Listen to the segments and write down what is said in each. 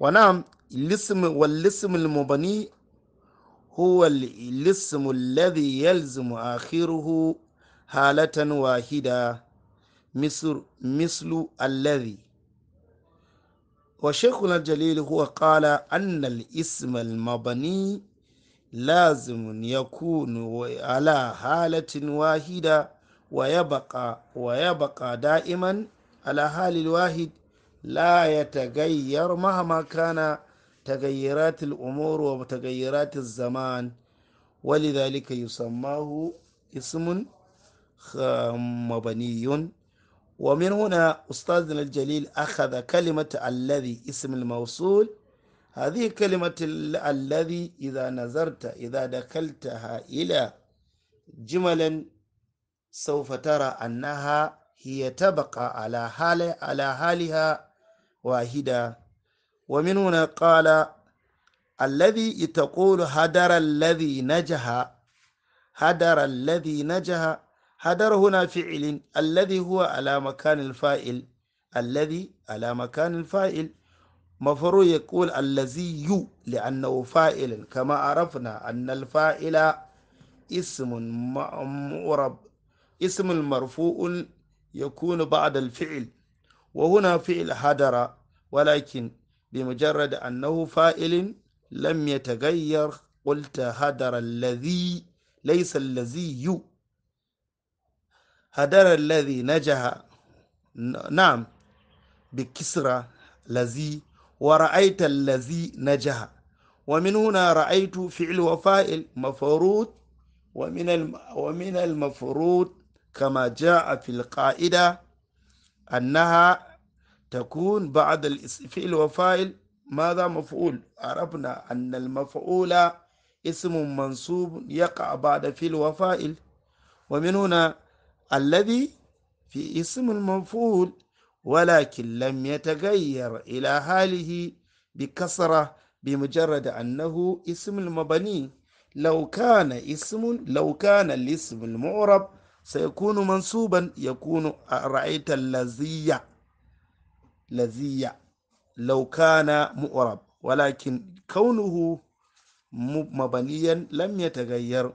ونعم الاسم والاسم المبني هو الاسم الذي يلزم آخره حالة واحدة مثل مثل الذي وشيخنا الجليل هو قال أن الاسم المبني لازم يكون على حالة واحدة ويبقى ويبقى دائما على حال الواحد لا يتغير مهما كان تغيرات الأمور وتغيرات الزمان ولذلك يسماه اسم مبني ومن هنا أستاذنا الجليل أخذ كلمة الذي اسم الموصول هذه كلمة الذي إذا نظرت إذا دخلتها إلى جملا سوف ترى أنها هي تبقى على على حالها واحدا ومن هنا قال الذي تقول هدر الذي نجح هدر الذي نجح هدر هنا فعل الذي هو على مكان الفاعل الذي على مكان الفاعل مفروض يقول الذي يو لأنه فاعل كما عرفنا أن الفاعل اسم معرب اسم المرفوع يكون بعد الفعل وهنا فعل هدر ولكن بمجرد أنه فاعل لم يتغير قلت هدر الذي ليس الذي هدر الذي نجح نعم بكسرة الذي ورأيت الذي نجح ومن هنا رأيت فعل وفائل مفروض ومن ومن المفروض كما جاء في القاعدة أنها تكون بعد الفعل وفاعل ماذا مفعول عرفنا أن المفعول اسم منصوب يقع بعد فعل وفاعل ومن هنا الذي في اسم المفعول ولكن لم يتغير إلى حاله بكسرة بمجرد أنه اسم المبني لو كان اسم لو كان الاسم المعرب سيكون منصوبا يكون رأيت اللذية laziya lau na mu'rab walakin kaunuhu mabaniyan lam yatagayyar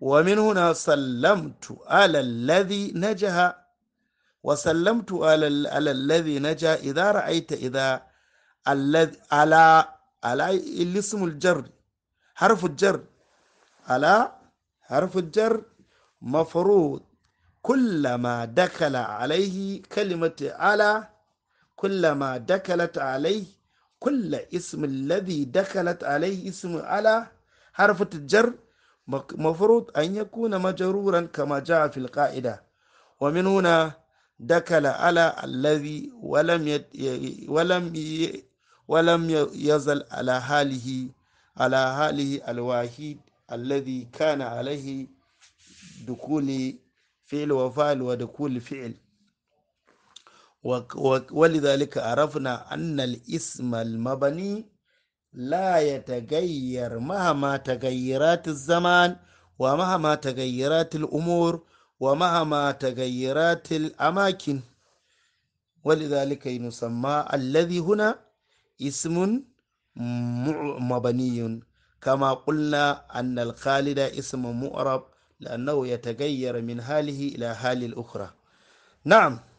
wa min huna sallamtu ala alladhi najaha wa sallamtu ala alladhi najaha idha ra'aita idha alladhi ala ala ismul jar harfu jar ala harfu jar mafrud kullama dakala alayhi kalimatu ala كلما دخلت عليه كل اسم الذي دخلت عليه اسم على حرف الجر مفروض أن يكون مجرورا كما جاء في القاعدة ومن هنا دخل على الذي ولم يت ولم ي ولم يزل على حاله على حاله الواحد الذي كان عليه دخول فعل وفعل ودخول فعل ولذلك عرفنا أن الاسم المبني لا يتغير مهما تغيرات الزمان ومهما تغيرات الأمور ومهما تغيرات الأماكن ولذلك يسمى الذي هنا اسم مبني كما قلنا أن الخالد اسم مؤرب لأنه يتغير من حاله إلى حال الأخرى نعم